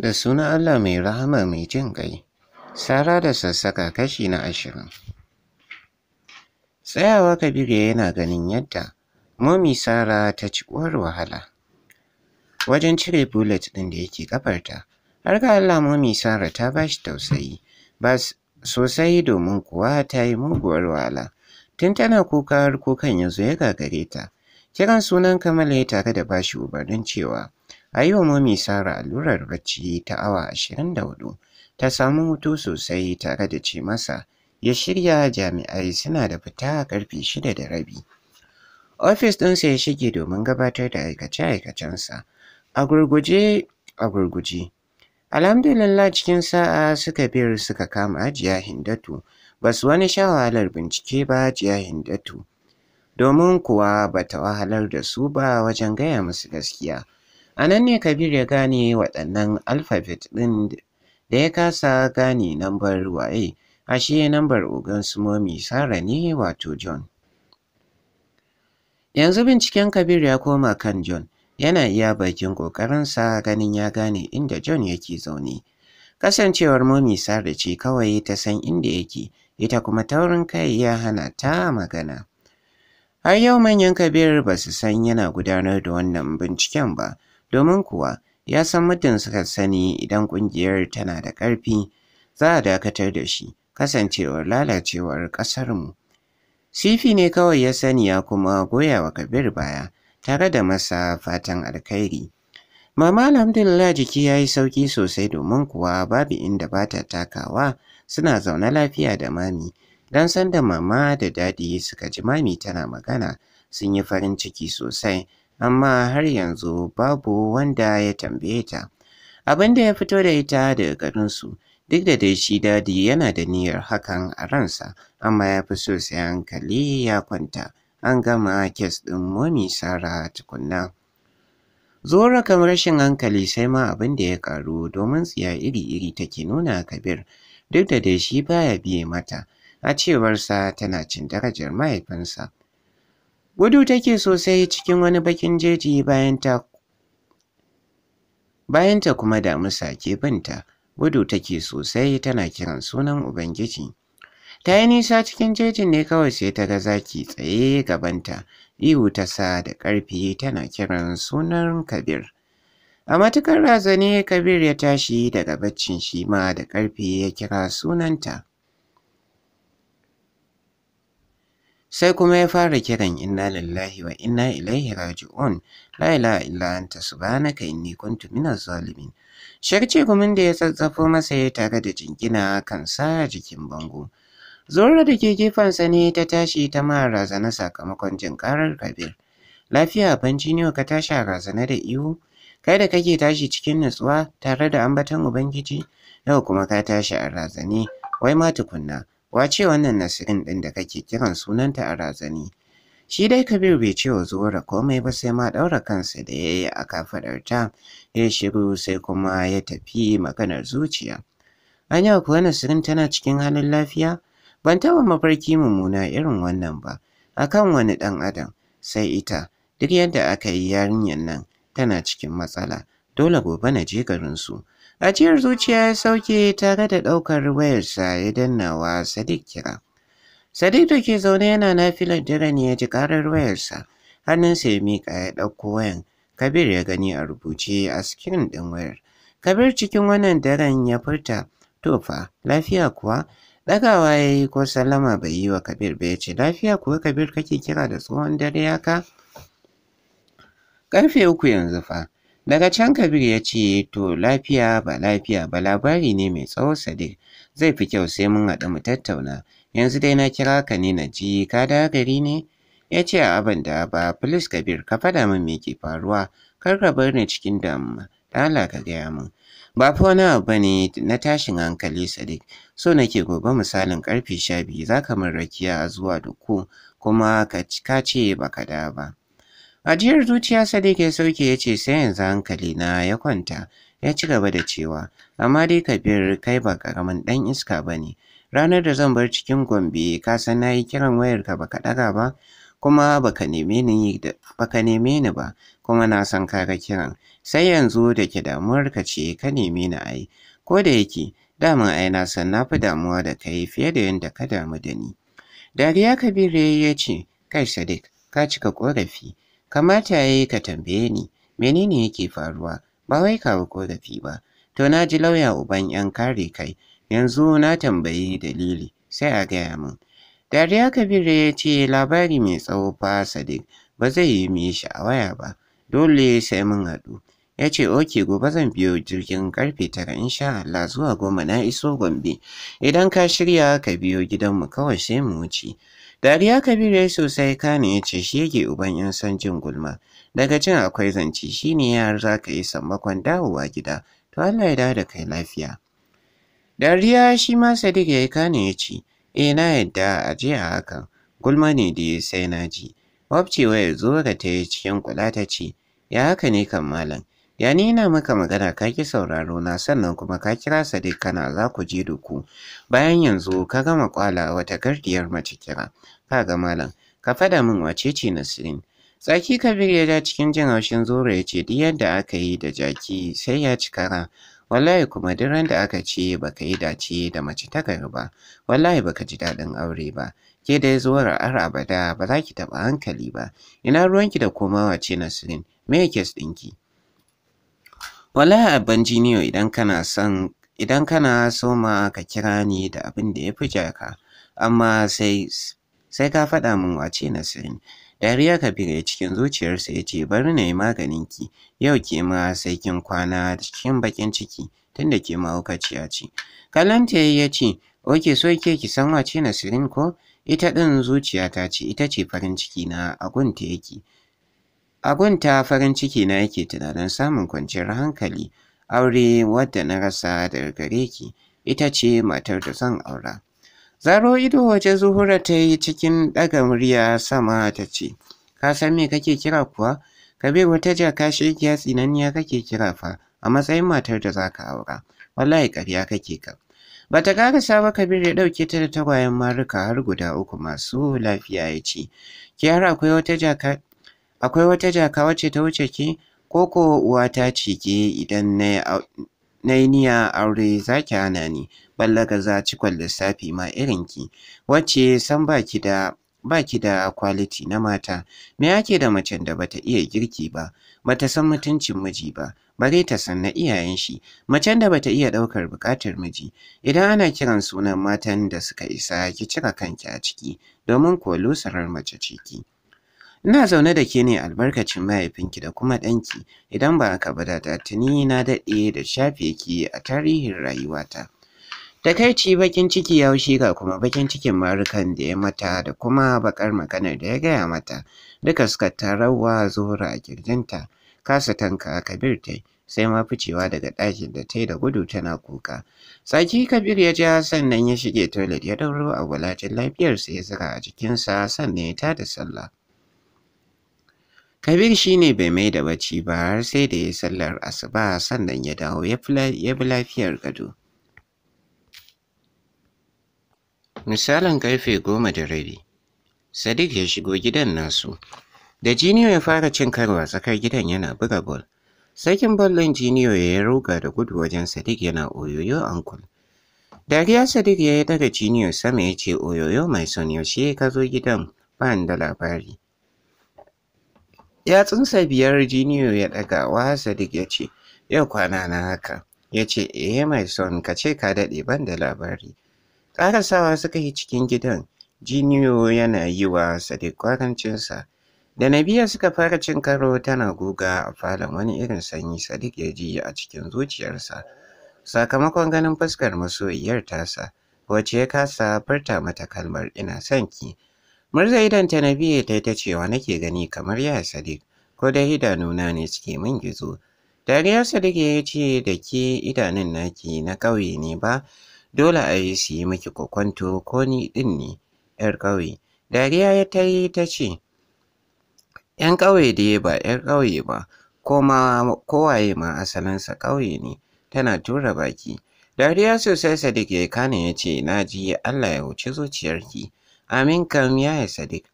Da suna Allah mai rahama mai jin ƙai, Sara da Sassaƙa kashi na ashirin. Tsayawa Kabiru yana ganin yadda Momi Sara ta ci uwar wahala. Wajen cire bullet ɗin da yake ƙafarta, har ga Allah Momi Sara ta ba shi tausayi, ba sosai domin kuwa ta yi muguwar wahala. Tun tana kuka har kukan ya ya gagare ta. Kiran sunan kamala ya tare da bashi umarnin cewa A yi wa Mami Sara allurar bacci ta awa ashirin da hudu, ta samu hutu sosai tare da ce masa ya shirya jami'ai suna da fita a karfe shida da rabi. Ofis ɗinsa ya shige domin gabatar da aikace-aikacensa. A gurguje, a gurguje. Alhamdulillah cikin sa'a suka biyar suka kama ajiya Hindatu. Ba su wani sha bincike ba ajiya Hindatu. Domin kuwa ba ta wahalar da su ba wajen gaya musu gaskiya. A nan ne Kabir ya gane waɗannan alfabet ɗin da ya kasa gane nambar waye, ashe nambar ogan su momi Sara ne wato John. Yanzu binciken Kabir ya koma kan John, yana iya bakin ƙoƙarinsa ganin ya gane inda John yake zaune. Kasancewar momi Sara ce kawai ta san inda yake, ita kuma taurin kai ya hana ta magana. Har yau manyan Kabir ba su san yana gudanar da wannan binciken ba. domin kuwa ya san muddin suka sani idan ƙungiyar tana da ƙarfi za a dakatar da shi kasancewar lalacewar ƙasarmu. Sifi ne kawai ya sani ya kuma goya wa Kabir baya tare da masa fatan alkhairi. Mama alhamdulillah jiki ya yi sauƙi sosai domin kuwa babu inda ba ta takawa suna zaune lafiya da mami. Dan sanda mama da dadi suka ji mami tana magana sun yi farin ciki sosai amma har yanzu babu wanda ya tambaye ta. Abin da ya fito da ita daga garinsu duk da dai shi dadi yana da niyyar hakan a ransa amma ya fi so sai hankali ya kwanta an gama kes ɗin momi sara tukunna. Zora kamar rashin hankali sai ma abin da ya ƙaru domin tsiya iri-iri take nuna kabir duk da dai shi baya biye mata a cewarsa tana cin darajar mahaifinsa Gudu take sosai cikin wani bakin jeji bayan ta bayan ta kuma damusa ke binta. Gudu take sosai tana kiran sunan Ubangiji. Ta yi nisa cikin jejin ne kawai sai ta ga zaki tsaye gabanta, ihu ta sa da ƙarfi tana kiran sunan Kabir. A matukar razani Kabir ya tashi daga baccin shi ma da ƙarfi ya kira sunanta. sai kuma ya fara kiran inna lillahi wa inna ilaihi raji'un la ilaha illa anta subhanaka inni kuntu minaz zalimin sharci gumin da ya tsatsafo masa ya tare da jingina kan sa jikin bango zorra da ke gefensa ne ta tashi ta ma razana sakamakon jin karar kabir lafiya banci ne ka tashi a razana da ihu kai da kake tashi cikin nutsuwa tare da ambaton ubangiji yau kuma ka tashi a razane wai ma tukunna Wace wannan Nasirin ɗin da kake kiran sunanta a razani? Shi dai Kabiru bai ce wa komai ba sai ma ɗaura kansa da ya yi a kafaɗarta ya shiru sai kuma ya tafi maganar zuciya. An yau kuwa Nasirin tana cikin halin lafiya? Ban taɓa mafarki mummuna irin wannan ba, A kan wani ɗan adam sai ita duk yadda aka yi yarinyar nan tana cikin matsala dole gobe na je garinsu A cikin zuciya ya sauke tare da ɗaukar wayarsa ya danna wa Sadiq kira. Sadiq da ke zaune yana na nafilar daren ya ji karar wayarsa. Hannun Hannunsa ya mika ya ɗauko wayan. Kabir ya gani a rubuce a sikirin ɗin wayar. Kabir cikin wannan daren ya furta to fa lafiya kuwa ɗagawa ya yi ko sallama bai yi wa Kabir ba ya ce lafiya kuwa Kabir kake kira da tsohon dare ya ka? Ƙarfe uku yanzu fa Daga can Kabir ya ce to lafiya ba lafiya ba labari ne mai tsawo Sadiq zai fi kyau sai mun haɗu mu tattauna yanzu dai na kira ka ne na ji ka da gari ne ya ce a abin da ba plus Kabir ka faɗa min me ke faruwa kar ka bar ni cikin damuwa da Allah ka gaya min ba fa wani abu ne na tashin hankali Sadiq so nake gobe misalin karfe sha biyu za ka min rakiya zuwa duku kuma ka ce ka da ba. Ajiyar zuciya Sadiq ya sauke ya ce sai yanzu hankali na ya kwanta. Ya ci gaba da cewa, amma dai Kabir kai ba ƙaramin ɗan iska ba ne. Ranar da zan bar cikin Gombe ka san na yi kiran wayarka baka ɗaga ba kuma baka neme ni neme ni ba kuma na san ka ga kiran. Sai yanzu da ke damuwar ka ce ka neme ni ai. Ko da yake daman ai na san na fi damuwa da kai fiye da yadda ka damu da ni. Dariya Kabir ya ce, kai Sadiq ka cika ƙorafi. Kamata ya yi ka tambaye ni menene yake faruwa ba wai kawo ba. To na ji lauya uban 'yan kare kai yanzu na tambayi dalili sai a gaya min. Dariya Kabiru ya ce labari mai tsawo fa Sadiq ba zai yi mi shi a waya ba dole sai mun haɗu. Ya ce oke gobe zan biyo jirgin karfe tara in sha Allah zuwa goma na iso Gombe. Idan ka shirya ka biyo gidanmu kawai sai mu wuce. Dariya Kabiru ya sosai kane ya ce shi yake uban yan san jin gulma. Daga cin akwai zance shi ne yar za ka yi sammakon dawowa gida. To Allah ya dawo da kai lafiya. Dariya shi ma Sadiq ya yi kane ya ce, E na yadda a je a hakan, gulma ne da ya sai na ji. Wabcewa ya zo ga ta yi cikin kula ta ce, Ya haka ne kan malam, ya ni ina maka magana ka ki sauraro na sannan kuma ka kira Sadiq kana za ku je da ku? bayan yanzu ka gama kwala wata gardiyar mace kira ka ga malam ka fada min wace ce Nasrin Tsaki Kabir ya ja cikin jin haushin zoro ya ce duk yadda aka yi da jaki sai ya ci kara wallahi kuma duk ran da aka ce baka yi dace da mace ta gari ba wallahi baka ji daɗin aure ba ke dai zuwar ar abada ba za ki taɓa hankali ba ina ruwanki da komawa ce Nasrin me yake ɗinki Wala abban jiniyo idan kana son idan kana so ma ka kira ni da abin da ya fi jaka amma sai ka faɗa min wace na sirin. Dariya Kabir ya cikin zuciyarsa ya ce bari na yi maganin ki yau ke ma sai kin kwana cikin bakin ciki tunda ke ma hukaciya ce. Kalanta ya ce oke so ke ki san wace na sirin ko ita ɗin zuciyata ce ita ce farin ciki na a gunta yake. A ta farin ciki na yake tunanin samun kwanciyar hankali, aure wadda na rasa daga gare ki, ita ce matar da zan aura. Zaro ido waje Zuhura ta yi cikin ɗaga murya sama ta ce, Ka san me kake kira kuwa? Kabiru wata jaka shekiya tsinanniya kake kira fa a matsayin matar da za ka aura. Wallahi ƙarya kake ka. Ba ta ƙarasa ba Kabiru ya ɗauke ta da tagwayen maruka har guda uku masu lafiya ya ce, Ki har akwai wata jaka akwai wata jaka wacce ta wuce ki ko ko uwa ta cike idan na yi niyya aure za ki hana ni ballaga za cikon lissafi ma irin ki wacce san ba ki da ba kwaliti na mata me ake da macen da bata iya girki ba bata san mutuncin miji ba bare ta san na iyayen shi macen da bata iya ɗaukar bukatar miji idan ana kiran sunan matan da suka isa ki cika kanki a ciki domin ko lusarar mace ce ki Ina zaune da ke ne albarkacin mahaifinki da kuma ɗanki, idan ba haka ba da tuni na daɗe da shafe ki a tarihin rayuwata. Takaici bakin ciki ya haushi ga kuma bakin cikin marukan da ya mata da kuma bakar maganar da ya gaya mata, duka suka tarawa zuwa a kirjinta, kasa tanka kabir tai. sai ma ficewa daga ɗakin da ta yi da gudu tana kuka. Saki Kabir ya ja sannan ya shige toilet ya ɗauro a wulacin lafiyarsa ya zira a jikinsa sannan ya tada sallah. Kabir shi ne bai mai da bacci ba har sai da ya sallar asuba sannan ya dawo ya bi lafiyar gado. Misalin karfe goma da rabi, Sadiq ya shigo gidan nasu. Da Jiniyo ya fara cin karwa tsakar gidan yana buga bol. Sakin ballon Jiniyo ya ruga da gudu wajen Sadiq yana oyoyo ankul. Dariya Sadiq ya yi daga Jiniyo sama ya ce oyoyo mai son yaushe ka zo gidan ba da labari. Ya tsinsa biyar Jiniyo ya ɗaga wa Sadik ya ce, Yau kwana na haka. Ya ce, Eh mai son ka ce ka daɗe ban da labari. Ƙarasawa suka yi cikin gidan. Jiniyo yana yi wa Sadiq kwarancinsa. Da biya suka fara cin karo tana guga a falon wani irin sanyi Sadik ya ji a cikin zuciyarsa. Sakamakon ganin fuskar masoyiyar tasa, wacce ya kasa furta mata kalmar ina son ki. Murza idan ta Nabiya ta ta cewa nake gani kamar ya Sadiq ko da idanuna ne suke min gizo. Dariya Sadiq ya ce da ke idanun naki na ƙauye ne ba dole a yi su yi miki kwakwanto ko ni ɗin ne ‘yar ƙauye. Dariya ya ta yi ta ce ‘yan ƙauye dai ba ‘yar ƙauye ba ko kowaye ma asalinsa ƙauye ne tana tura baki. Dariya sosai Sadiq ya kane ya ce na ji Allah ya wuce zuciyarki. Amin kam yi Sadiq.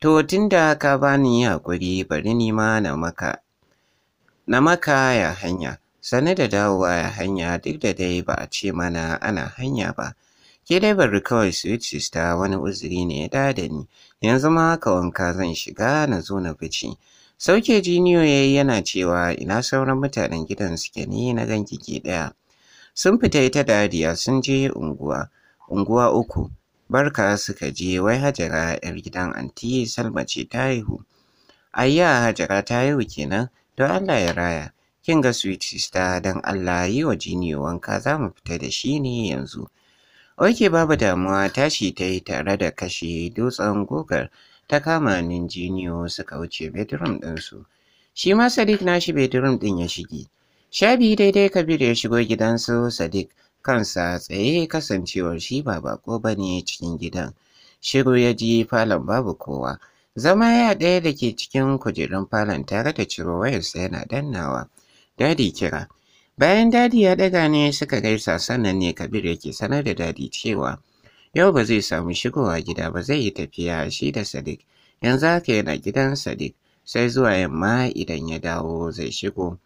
To tun da ka bani haƙuri bari ni ma na maka. Na maka ya hanya. Sani da dawowa ya hanya duk da dai ba a ce mana ana hanya ba. Ke dai bari kawai sweet sister wani uzuri ne ya da ni. Yanzu ma haka wanka zan shiga na zo na bici. Sauke jiniyo yayi yana cewa ina sauran mutanen gidan suke ne na ganki ke ɗaya. Sun fita ita dariya sun je unguwa. Unguwa uku. barka suka je wai Hajara 'yar gidan anti Salma ce ta haihu. Ayya Hajara ta haihu kenan don Allah ya raya. Kin ga sweet sister don Allah yi wa jini wanka za mu fita da shi ne yanzu. Oke babu damuwa tashi ta yi tare da kashe dutsen gogar ta kama nin jini suka wuce bedroom ɗinsu. Shi ma Sadiq nashi bedroom ɗin ya shige. Sha biyu daidai Kabiru ya shigo gidansu Sadiq kansa tsaye kasancewar shi ba bako ba ne cikin gidan. Shiru ya ji falon babu kowa. Zama ya ɗaya da ke cikin kujerun falon tare da ciro wayarsa yana dannawa. Dadi kira. Bayan dadi ya ɗaga ne suka gaisa sannan ne Kabir yake sanar da dadi cewa yau ba zai samu shigowa gida ba zai yi tafiya shi da Sadiq. Yanzu haka yana gidan Sadiq sai zuwa yamma idan ya dawo zai shigo.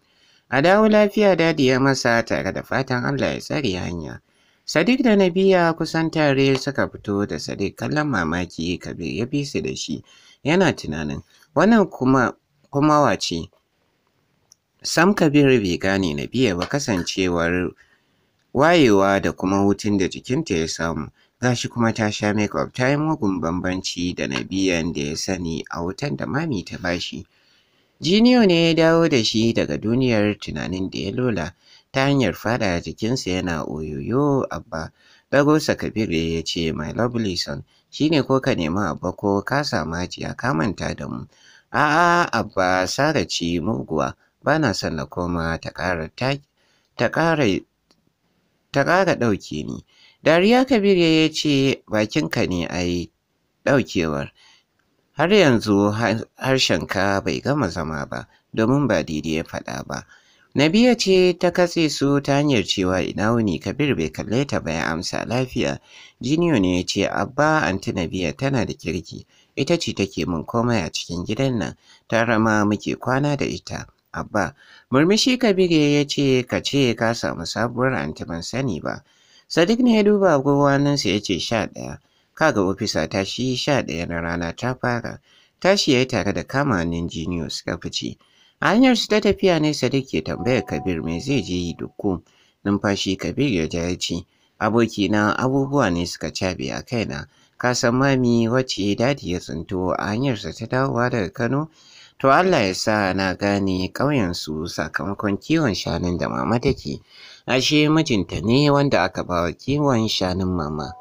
A dawo lafiya dadi ya masa tare da fatan Allah ya tsare hanya. Sadiq da Nabiya kusan tare suka fito da Sadiq kallon mamaki Kabir ya bi su da shi yana tunanin wannan kuma kuma wace. Sam Kabir bai gane Nabiya ba kasancewar wayewa da kuma hutun da jikinta ya samu. Gashi kuma ta sha makeup ta yi mugun bambanci da Nabiya da ya sani a wutan da mami ta bashi. Jiniyo ne ya dawo da shi daga duniyar tunanin da ya lola ta hanyar fada jikinsa yana oyoyo abba. Dagosa Kabir ya ce my lovely son Shi ne ko ka nema abba ko ka sama hajiya ka manta da mu. A'a abba Sara ci muguwa ba na son na koma ta ƙara ta ƙara ɗauke ni. Dariya Kabir ya ce bakinka ne ai ɗaukewar. har yanzu harshen ka bai gama zama ba domin ba daidai ya faɗa ba. Nabiya ce ta katse su ta hanyar cewa ina wuni Kabir bai kalle ta ba ya amsa lafiya. Jiniyo ne ya ce abba anti Nabiya tana da kirki ita ce take mun komai a cikin gidan nan ta rama muke kwana da ita. Abba murmushi Kabir ya ce ka ce ka samu sabuwar anti ban sani ba. Sadiq ne ya duba agogo nan ya ce sha ɗaya. kaga ofisa ta shi sha ɗaya na rana ta fara tashi ya yi tare da kama injiniyo suka fice a hanyar su ta tafiya ne sadiq ya tambayar kabir me zai je yi dukku numfashi kabir ya ja ya ce abokina abubuwa ne suka cabe a kaina ka san mami wacce dadi ya tsinto a hanyarsa ta dawowa daga kano to allah ya sa na gane su sakamakon kiwon shanun da mama take ashe mijinta ne wanda aka bawa kiwon shanun mama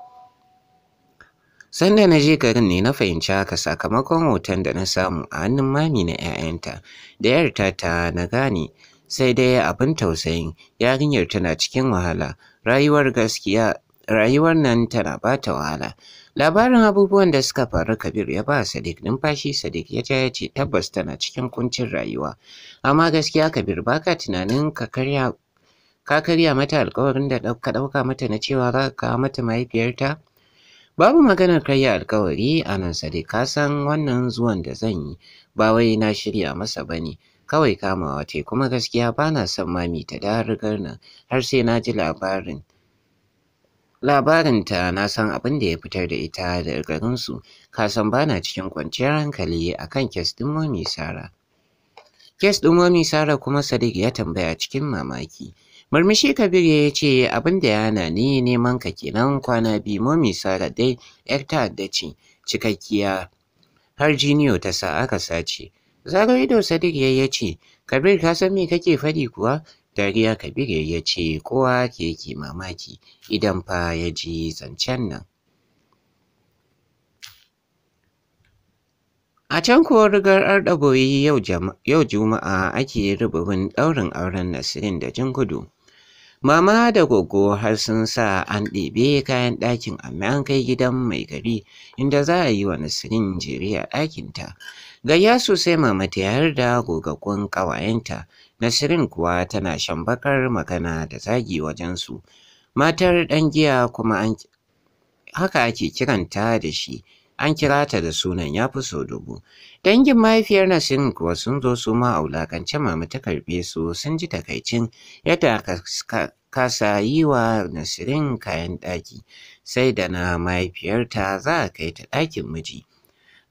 Sanda na je garin ne na fahimci haka sakamakon hoton da na samu a hannun mami na 'ya'yanta da 'yarta ta na gane sai dai abin tausayin yarinyar tana cikin wahala rayuwar gaskiya rayuwar nan tana bata wahala labarin abubuwan da suka faru kabir ya ba sadiq numfashi sadiq ya ja ya ce tabbas tana cikin kuncin rayuwa amma gaskiya kabir baka tunanin ka karya ka karya mata alkawarin da ka ɗauka mata na cewa za ka kawo mata mahaifiyarta Babu maganar karya alkawari a nan sade ka san wannan zuwan da zan yi ba wai na shirya masa ba ne kawai kamawa ce, kuma gaskiya ba na son mami ta darigar nan har sai na ji labarin labarinta na san abin da ya fitar da ita da garinsu ka san ba na cikin kwanciyar hankali akan kes ɗin mami sara kes ɗin mami sara kuma sadiq ya tambaya cikin mamaki Murmushi Kabir ya ce abin da ya ni neman ka kenan kwana biyu mu misala dai ‘yar ta'adda ce cikakkiya har jiniyo ta sa aka sace. Zaro ido Sadiq ya ce Kabir ka san me kake faɗi kuwa? Dariya Kabir ya ce kowa ke yake mamaki idan fa ya ji zancen nan. A can kuwa rigar Ardaboyi yau Juma'a ake rububin ɗaurin auren Nasirin da Jingudu. Mama da Goggo har sun sa an ɗebe kayan ɗakin amma an kai gidan mai gari inda za a yi wa Nasirin jere a ɗakinta. Gayya sosai mama ta yar da gogaggun ƙawayenta, Nasirin kuwa tana shan bakar magana da zagi wajensu. Matar ɗan giya kuma an haka ake kiranta da shi. an kira ta da sunan ya fi sau dubu. Dangin mahaifiyar Nasin kuwa sun zo su ma a wulakance mamu ta karɓe su sun ji takaicin yadda kasa yi wa Nasirin kayan ɗaki sai da na mahaifiyarta za a kai ta ɗakin miji.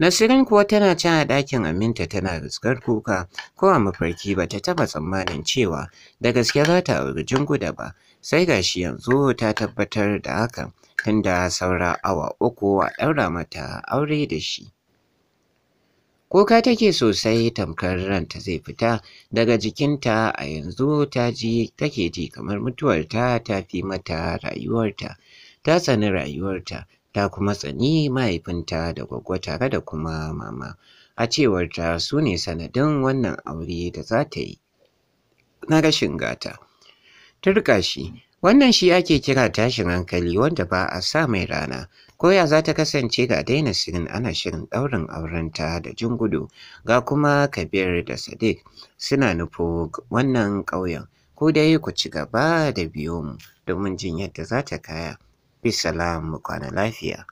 Nasirin kuwa tana can a ɗakin aminta tana riskar kuka ko a mafarki ba ta taɓa tsammanin cewa da gaske za ta auri jinguda ba sai gashi yanzu ta tabbatar da hakan. tunda saura awa uku a ɗaura mata aure da shi. Kuka take sosai tamkar ranta zai fita daga jikinta a yanzu ta ji take ji kamar mutuwarta ta fi mata rayuwarta, ta tsani rayuwarta, ta kuma tsani mahaifinta da gwaggwa tare da kuma mama. A cewarta su ne sanadin wannan aure da za ta yi na rashin gata. ta shi Wannan shi ake kira tashin hankali wanda ba a sa mai rana. Koya za ta kasance ga daina sirin ana shirin ɗaurin aurenta da jingudu ga kuma Kabir da Sadiq suna nufo wannan ƙauyen. Ko dai ku ci gaba da biyo mu domin jin yadda za ta kaya. Bisalamu kwana lafiya.